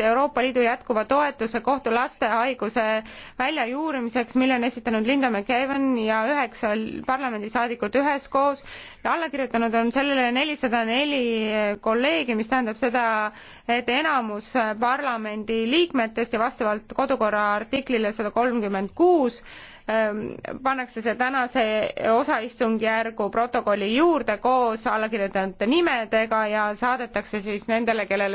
küsimust Euroopa Liidu jätkuva toetuse kohta laste haiguse väljajuurimiseks, mille on esitanud Linda McEwan ja üheksa parlamendisaadikut üheskoos. alla kirjutanud on sellele nelisada neli kolleegi, mis tähendab seda, et enamus parlamendi liikmetest ja vastavalt kodukorra artiklile sada kolmkümmend kuus ähm, pannakse see tänase osaistungjärgu protokolli juurde koos allakirjutanute nimedega ja saadetakse siis nendele kellele